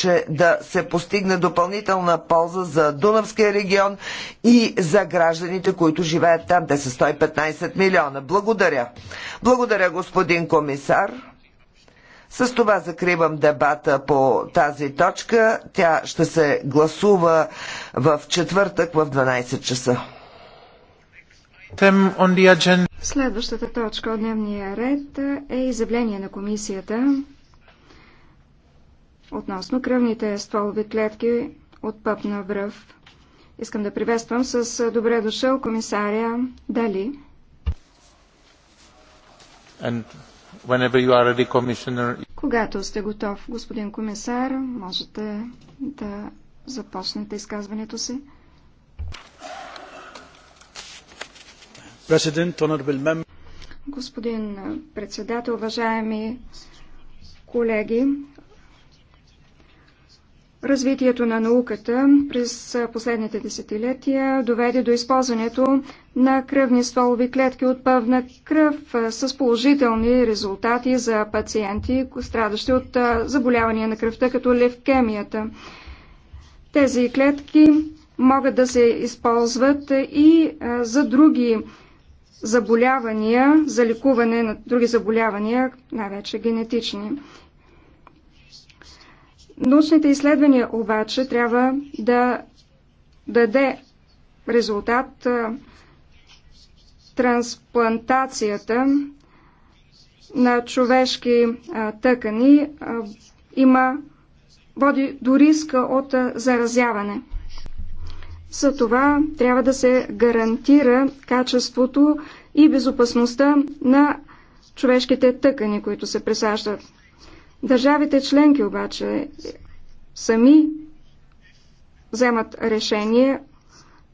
че да се постигне допълнителна полза за Дунавския регион и за гражданите, които живеят там. Те са 115 милиона. Благодаря. Благодаря, господин комисар. С това закривам дебата по тази точка. Тя ще се гласува в четвъртък в 12 часа. Следващата точка от дневния ред е изявление на комисията относно кръвните стволови клетки от пъп на връв. Искам да приветствам с добре дошъл комисаря Дали. Ready, commissioner... Когато сте готов, господин комисар, можете да започнете изказването си. Господин председател, уважаеми колеги, Развитието на науката през последните десетилетия доведе до използването на кръвни стволови клетки от пъвна кръв с положителни резултати за пациенти, страдащи от заболявания на кръвта, като левкемията. Тези клетки могат да се използват и за други заболявания, за лекуване на други заболявания, най-вече генетични. Научните изследвания обаче трябва да даде резултат трансплантацията на човешки тъкани има води до риска от заразяване. За това трябва да се гарантира качеството и безопасността на човешките тъкани, които се пресаждат. Държавите членки обаче сами вземат решение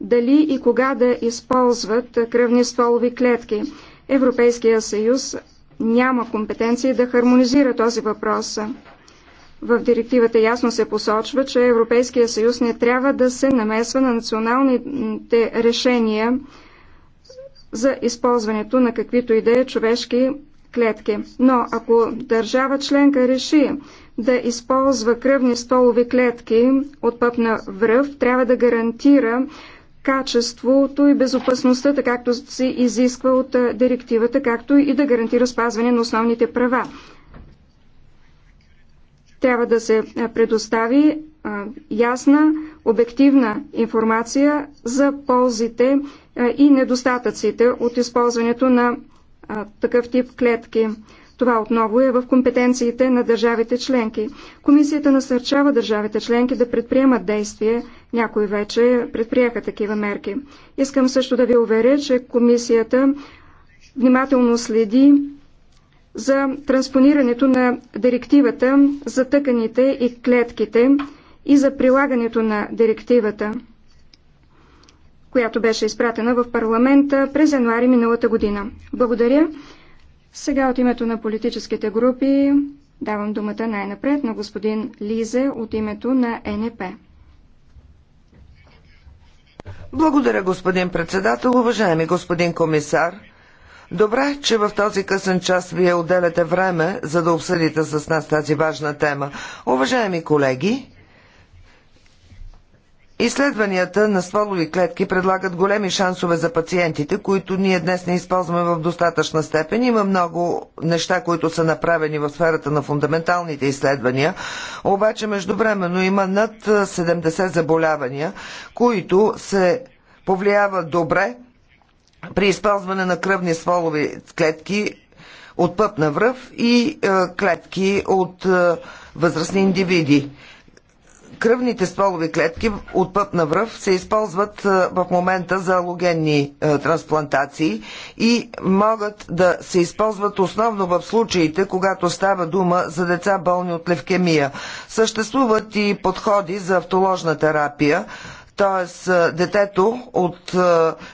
дали и кога да използват кръвни стволови клетки. Европейския съюз няма компетенции да хармонизира този въпрос. В директивата ясно се посочва, че Европейския съюз не трябва да се намесва на националните решения за използването на каквито и да е човешки клетки. Но ако държава членка реши да използва кръвни столови клетки от път на връв, трябва да гарантира качеството и безопасността, така както се изисква от директивата, както и да гарантира спазване на основните права. Трябва да се предостави ясна, обективна информация за ползите и недостатъците от използването на такъв тип клетки. Това отново е в компетенциите на държавите членки. Комисията насърчава държавите членки да предприемат действия, някои вече предприеха такива мерки. Искам също да ви уверя, че комисията внимателно следи за транспонирането на директивата за тъканите и клетките и за прилагането на директивата която беше изпратена в парламента през януари миналата година. Благодаря. Сега от името на политическите групи давам думата най-напред на господин Лизе от името на НП. Благодаря, господин председател, уважаеми господин комисар. Добре, че в този късен час вие отделяте време, за да обсъдите с нас тази важна тема. Уважаеми колеги, Изследванията на стволови клетки предлагат големи шансове за пациентите, които ние днес не използваме в достатъчна степен. Има много неща, които са направени в сферата на фундаменталните изследвания, обаче междувременно има над 70 заболявания, които се повлияват добре при използване на кръвни стволови клетки от пъпна връв и е, клетки от е, възрастни индивиди кръвните стволови клетки от път на връв се използват е, в момента за алогенни е, трансплантации и могат да се използват основно в случаите, когато става дума за деца болни от левкемия. Съществуват и подходи за автоложна терапия, т.е. детето, от е,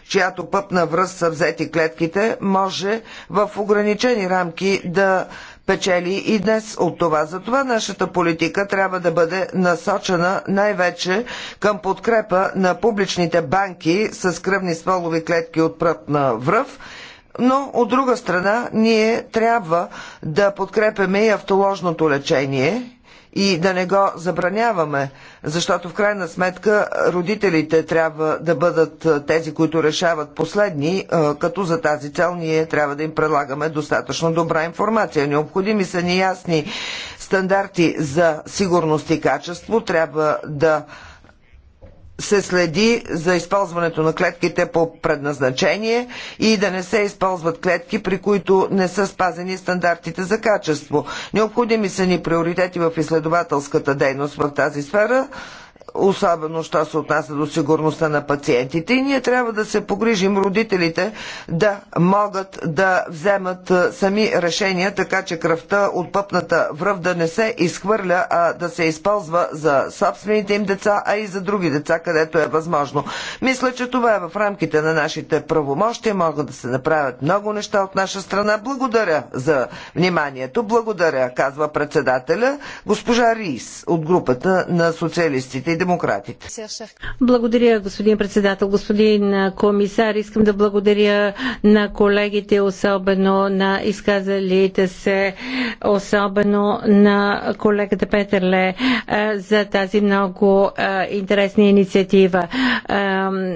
чиято пъпна връз са взети клетките, може в ограничени рамки да печели и днес от това. Затова нашата политика трябва да бъде насочена най-вече към подкрепа на публичните банки с кръвни стволови клетки от прът на връв но от друга страна ние трябва да подкрепяме и автоложното лечение и да не го забраняваме, защото в крайна сметка родителите трябва да бъдат тези, които решават последни, като за тази цел ние трябва да им предлагаме достатъчно добра информация. Необходими са ни ясни стандарти за сигурност и качество, трябва да се следи за използването на клетките по предназначение и да не се използват клетки, при които не са спазени стандартите за качество. Необходими са ни приоритети в изследователската дейност в тази сфера особено що се отнася до сигурността на пациентите. И ние трябва да се погрижим родителите да могат да вземат сами решения, така че кръвта от пъпната връв да не се изхвърля, а да се използва за собствените им деца, а и за други деца, където е възможно. Мисля, че това е в рамките на нашите правомощия. Могат да се направят много неща от наша страна. Благодаря за вниманието. Благодаря, казва председателя госпожа Рис от групата на социалистите и демократите. Благодаря, господин председател, господин комисар. Искам да благодаря на колегите, особено на изказалите се, особено на колегата Петърле е, за тази много е, интересна инициатива. Е,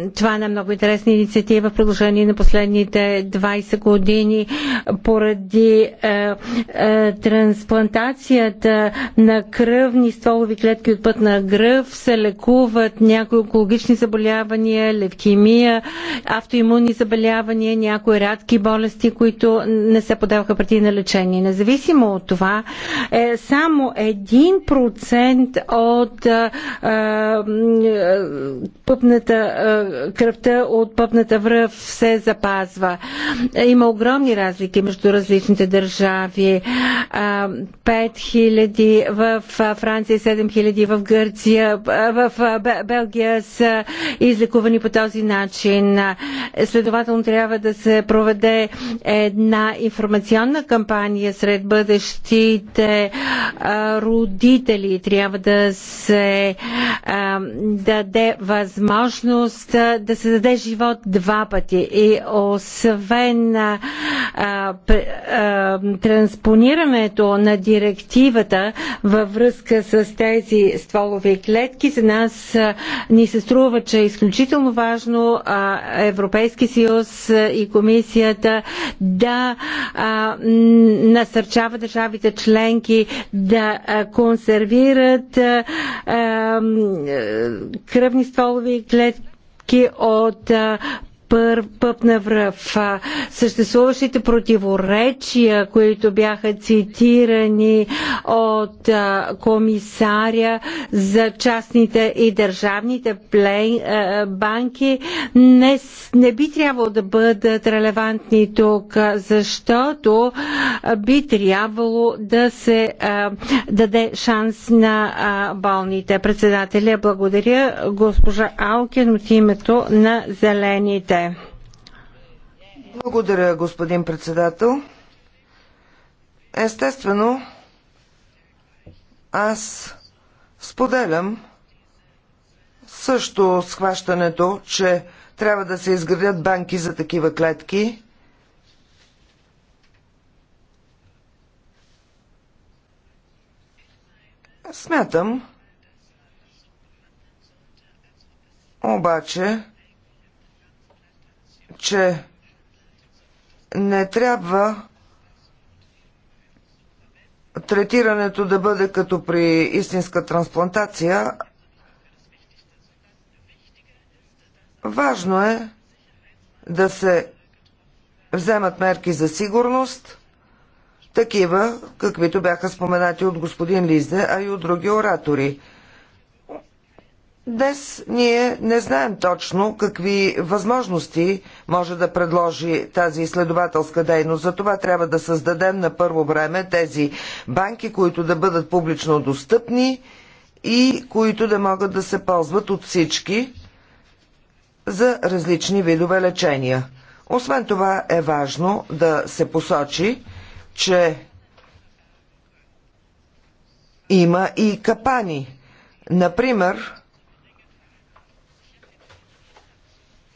това е много интересна инициатива в продължение на последните 20 години поради трансплантацията на кръвни стволови клетки от път на гръв са лекуват някои онкологични заболявания, левкемия, автоимунни заболявания, някои рядки болести, които не се подаваха преди на лечение. Независимо от това, е само 1% от е, е, пъпната е, кръвта от пъпната връв се запазва. Има огромни разлики между различните държави. 5000 в Франция, 7000 в Гърция, в Белгия са излекувани по този начин. Следователно трябва да се проведе една информационна кампания сред бъдещите родители. Трябва да се даде възможност да се даде живот два пъти. И освен транспонирането на директивата във връзка с тези стволови клетки, за нас ни се струва, че е изключително важно Европейски съюз и комисията да насърчава държавите членки да консервират кръвни стволови клетки от от пър, пъпна връв. Съществуващите противоречия, които бяха цитирани от комисаря за частните и държавните плен, банки, не, не би трябвало да бъдат релевантни тук, защото би трябвало да се даде шанс на болните. Председателя, благодаря госпожа Алкен от името на Зелените. Гросте. Благодаря, господин председател. Естествено, аз споделям също схващането, че трябва да се изградят банки за такива клетки. Смятам, обаче, че не трябва третирането да бъде като при истинска трансплантация. Важно е да се вземат мерки за сигурност, такива, каквито бяха споменати от господин Лизе, а и от други оратори – Днес ние не знаем точно какви възможности може да предложи тази изследователска дейност. За това трябва да създадем на първо време тези банки, които да бъдат публично достъпни и които да могат да се ползват от всички за различни видове лечения. Освен това е важно да се посочи, че има и капани. Например,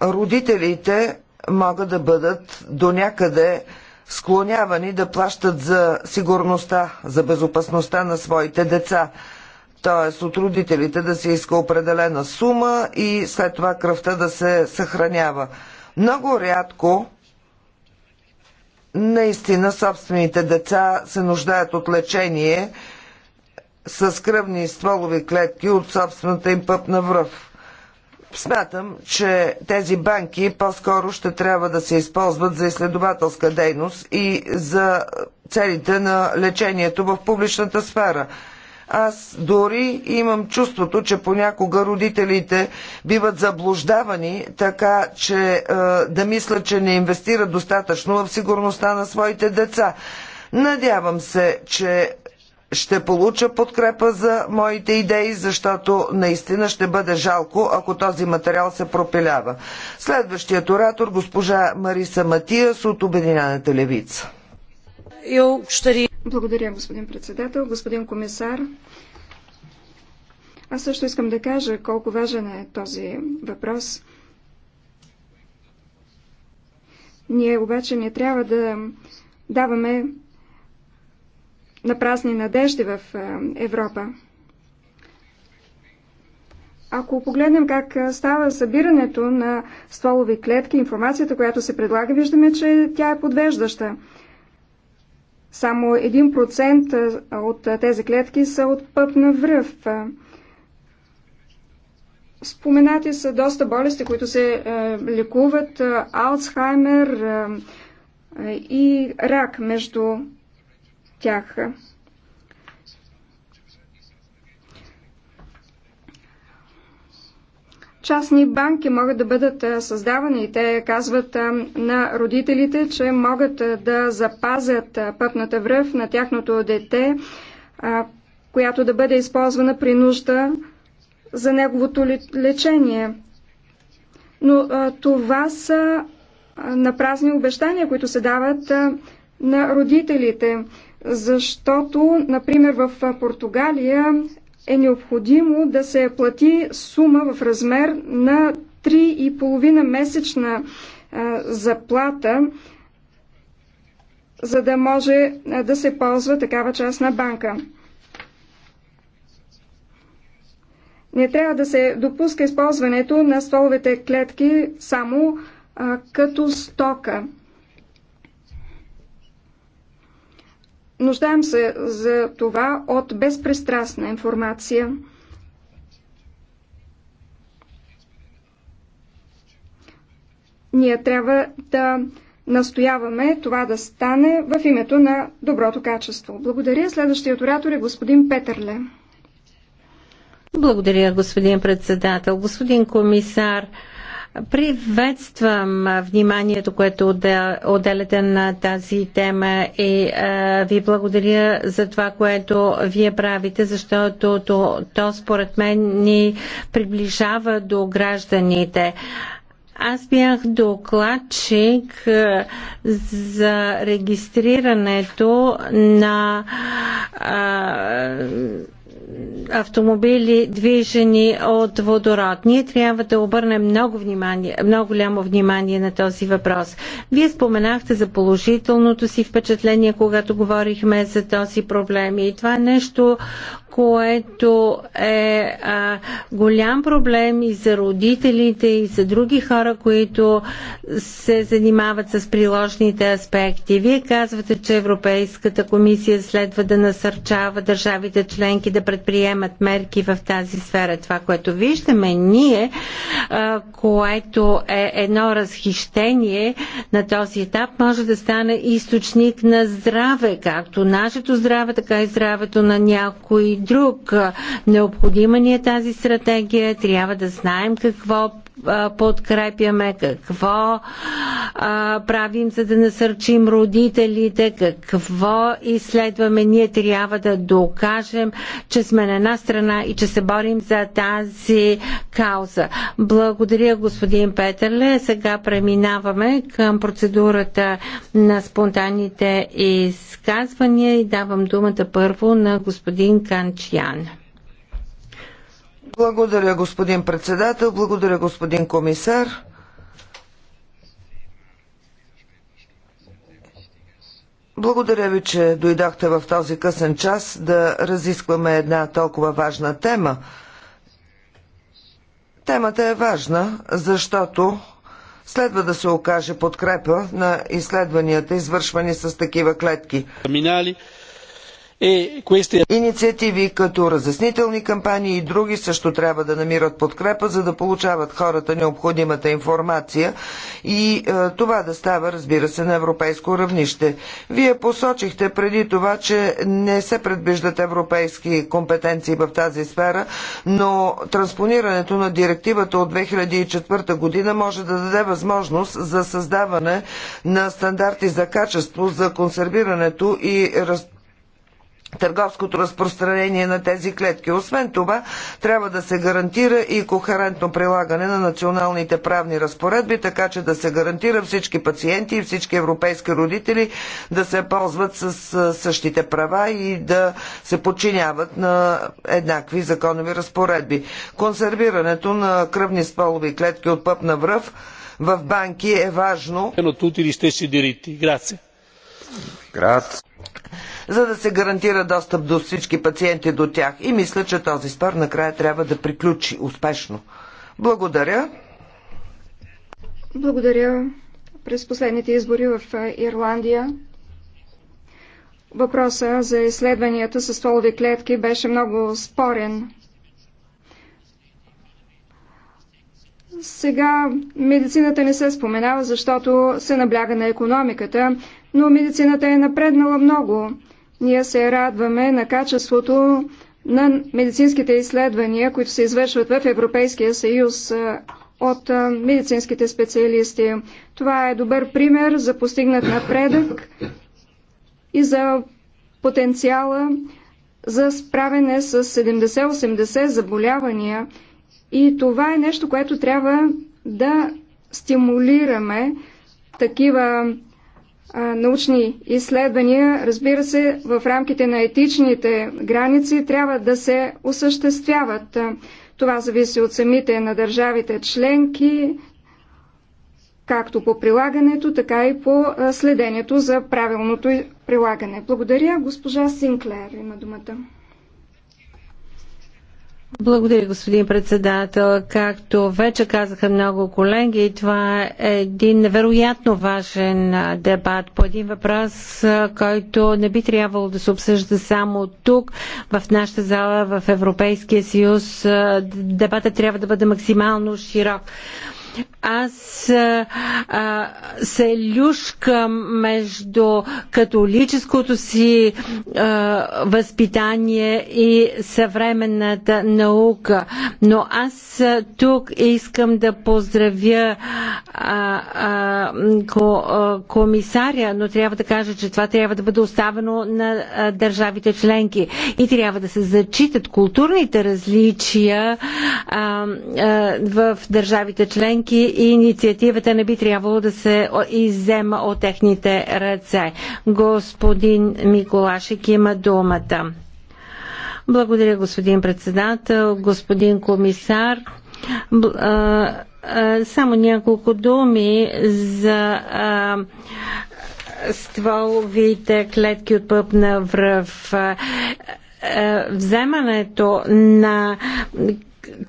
родителите могат да бъдат до някъде склонявани да плащат за сигурността, за безопасността на своите деца. Т.е. от родителите да се иска определена сума и след това кръвта да се съхранява. Много рядко наистина собствените деца се нуждаят от лечение с кръвни стволови клетки от собствената им пъпна връв. Смятам, че тези банки по-скоро ще трябва да се използват за изследователска дейност и за целите на лечението в публичната сфера. Аз дори имам чувството, че понякога родителите биват заблуждавани, така че е, да мислят, че не инвестират достатъчно в сигурността на своите деца. Надявам се, че ще получа подкрепа за моите идеи, защото наистина ще бъде жалко, ако този материал се пропилява. Следващият оратор, госпожа Мариса Матиас от Обединената левица. Благодаря, господин председател, господин комисар. Аз също искам да кажа колко важен е този въпрос. Ние обаче не трябва да даваме на празни надежди в е, Европа. Ако погледнем как е, става събирането на стволови клетки, информацията, която се предлага, виждаме, че тя е подвеждаща. Само 1% е, от тези клетки са от път на връв. Споменати са доста болести, които се лекуват, Алцхаймер и рак между тях. Частни банки могат да бъдат създавани и те казват на родителите, че могат да запазят пъпната връв на тяхното дете, която да бъде използвана при нужда за неговото лечение. Но това са на празни обещания, които се дават на родителите защото, например, в Португалия е необходимо да се плати сума в размер на 3,5 месечна заплата, за да може да се ползва такава частна банка. Не трябва да се допуска използването на столовете клетки само а, като стока. Нуждаем се за това от безпристрастна информация. Ние трябва да настояваме това да стане в името на доброто качество. Благодаря. Следващият оратор е господин Петърле. Благодаря, господин председател. Господин комисар, Приветствам вниманието, което отделяте на тази тема и е, ви благодаря за това, което вие правите, защото то, то според мен ни приближава до гражданите. Аз бях докладчик е, за регистрирането на а, е, автомобили, движени от водород. Ние трябва да обърнем много, внимание, много голямо внимание на този въпрос. Вие споменахте за положителното си впечатление, когато говорихме за този проблем. И това е нещо, което е а, голям проблем и за родителите, и за други хора, които се занимават с приложните аспекти. Вие казвате, че Европейската комисия следва да насърчава държавите членки да пред предприемат мерки в тази сфера. Това, което виждаме ние, което е едно разхищение на този етап, може да стане източник на здраве, както нашето здраве, така и здравето на някой друг. Необходима ни е тази стратегия, трябва да знаем какво подкрепяме, какво а, правим, за да насърчим родителите, какво изследваме. Ние трябва да докажем, че сме на една страна и че се борим за тази кауза. Благодаря, господин Петърле. Сега преминаваме към процедурата на спонтанните изказвания и давам думата първо на господин Канчиян. Благодаря, господин председател. Благодаря, господин комисар. Благодаря ви, че дойдохте в този късен час да разискваме една толкова важна тема. Темата е важна, защото следва да се окаже подкрепа на изследванията, извършвани с такива клетки. Минали queste... Инициативи като разяснителни кампании и други също трябва да намират подкрепа, за да получават хората необходимата информация и е, това да става, разбира се, на европейско равнище. Вие посочихте преди това, че не се предвиждат европейски компетенции в тази сфера, но транспонирането на директивата от 2004 година може да даде възможност за създаване на стандарти за качество, за консервирането и разпределението търговското разпространение на тези клетки. Освен това, трябва да се гарантира и кохерентно прилагане на националните правни разпоредби, така че да се гарантира всички пациенти и всички европейски родители да се ползват с същите права и да се подчиняват на еднакви законови разпоредби. Консервирането на кръвни стволови клетки от пъп на връв в банки е важно. Грация за да се гарантира достъп до всички пациенти до тях. И мисля, че този спор накрая трябва да приключи успешно. Благодаря. Благодаря. През последните избори в Ирландия въпроса за изследванията с стволови клетки беше много спорен. Сега медицината не се споменава, защото се набляга на економиката, но медицината е напреднала много. Ние се радваме на качеството на медицинските изследвания, които се извършват в Европейския съюз от медицинските специалисти. Това е добър пример за постигнат напредък и за потенциала за справене с 70-80 заболявания – и това е нещо, което трябва да стимулираме такива а, научни изследвания, разбира се, в рамките на етичните граници трябва да се осъществяват. Това зависи от самите на държавите членки, както по прилагането, така и по следението за правилното прилагане. Благодаря. Госпожа Синклер има думата. Благодаря, господин председател. Както вече казаха много колеги, това е един невероятно важен дебат по един въпрос, който не би трябвало да се обсъжда само тук, в нашата зала, в Европейския съюз. Дебатът трябва да бъде максимално широк аз а, се люшкам между католическото си а, възпитание и съвременната наука. Но аз тук искам да поздравя а, а, ко, а, комисаря, но трябва да кажа, че това трябва да бъде оставено на а, държавите членки и трябва да се зачитат културните различия а, а, в държавите членки членки и инициативата не би трябвало да се иззема от техните ръце. Господин Миколашек има думата. Благодаря, господин председател, господин комисар. Само няколко думи за стволовите клетки от пъпна връв вземането на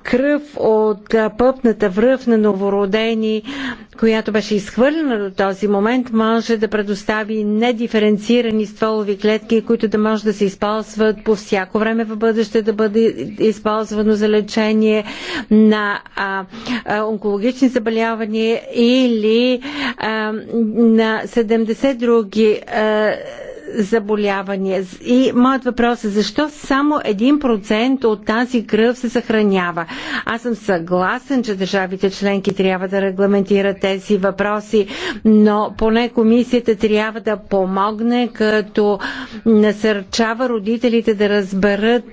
кръв от пъпната връв на новородени, която беше изхвърлена до този момент, може да предостави недиференцирани стволови клетки, които да може да се използват по всяко време в бъдеще, да бъде използвано за лечение на а, а, онкологични заболявания или а, на 70 други а, заболявания. И моят въпрос е защо само 1% от тази кръв се съхранява? Аз съм съгласен, че държавите членки трябва да регламентират тези въпроси, но поне комисията трябва да помогне, като насърчава родителите да разберат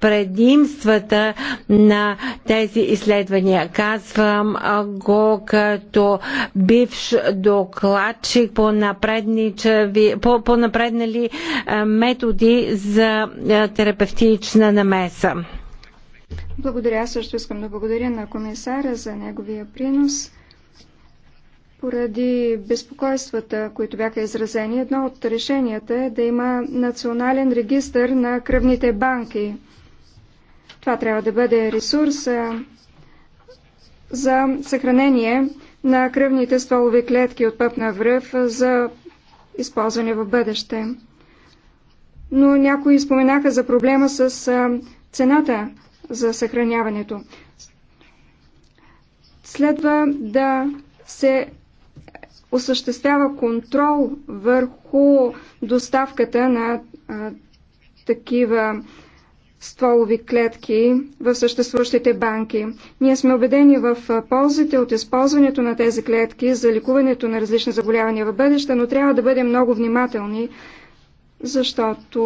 предимствата на тези изследвания. Казвам го като бивш докладчик по, по, по напреднали е, методи за е, терапевтична намеса. Благодаря. Аз също искам да благодаря на комисара за неговия принос. Поради безпокойствата, които бяха изразени, едно от решенията е да има национален регистр на кръвните банки. Това трябва да бъде ресурс за съхранение на кръвните стволови клетки от пъпна връв за използване в бъдеще. Но някои споменаха за проблема с цената за съхраняването. Следва да се осъществява контрол върху доставката на а, такива стволови клетки в съществуващите банки. Ние сме убедени в ползите от използването на тези клетки за ликуването на различни заболявания в бъдеще, но трябва да бъдем много внимателни, защото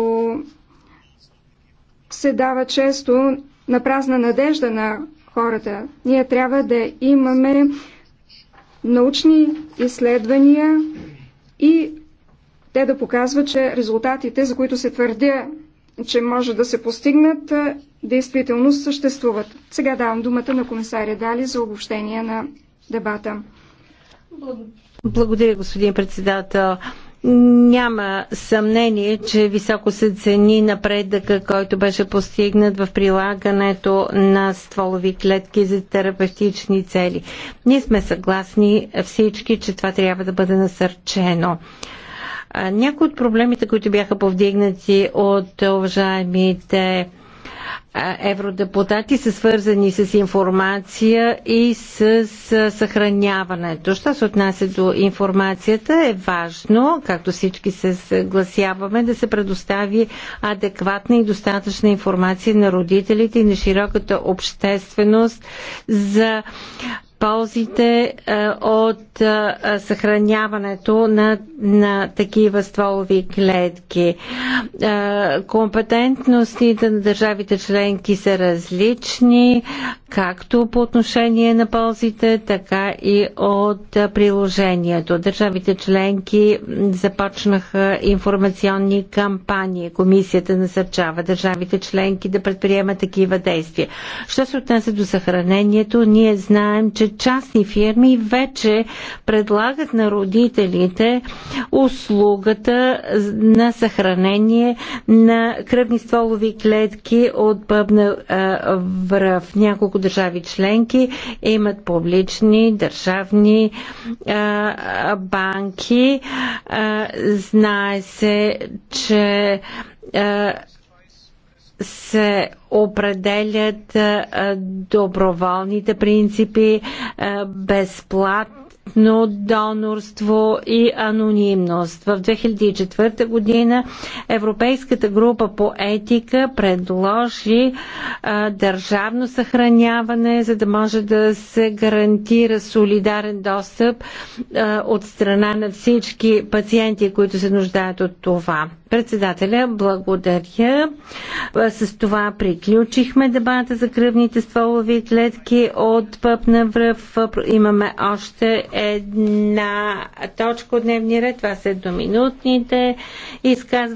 се дава често на празна надежда на хората. Ние трябва да имаме научни изследвания и те да показват, че резултатите, за които се твърдя, че може да се постигнат, действително съществуват. Сега давам думата на комисаря Дали за обобщение на дебата. Благодаря, господин председател. Няма съмнение, че високо се цени напредъка, който беше постигнат в прилагането на стволови клетки за терапевтични цели. Ние сме съгласни всички, че това трябва да бъде насърчено. Някои от проблемите, които бяха повдигнати от уважаемите евродепутати са свързани с информация и с съхраняването. Що се отнася до информацията е важно, както всички се съгласяваме, да се предостави адекватна и достатъчна информация на родителите и на широката общественост за ползите е, от е, съхраняването на, на такива стволови клетки. Е, компетентностите на държавите членки са различни, както по отношение на ползите, така и от приложението. Държавите членки започнаха информационни кампании. Комисията насърчава държавите членки да предприемат такива действия. Що се отнася до съхранението, ние знаем, че частни фирми вече предлагат на родителите услугата на съхранение на кръвни стволови клетки от бъбна връв. Няколко държави членки имат публични държавни банки. Знае се, че се определят доброволните принципи, безплатно донорство и анонимност. В 2004 година Европейската група по етика предложи държавно съхраняване, за да може да се гарантира солидарен достъп от страна на всички пациенти, които се нуждаят от това. Председателя, благодаря. С това приключихме дебата за кръвните стволови клетки от пъп на връв. Имаме още една точка от дневния ред. Това са доминутните изказвания.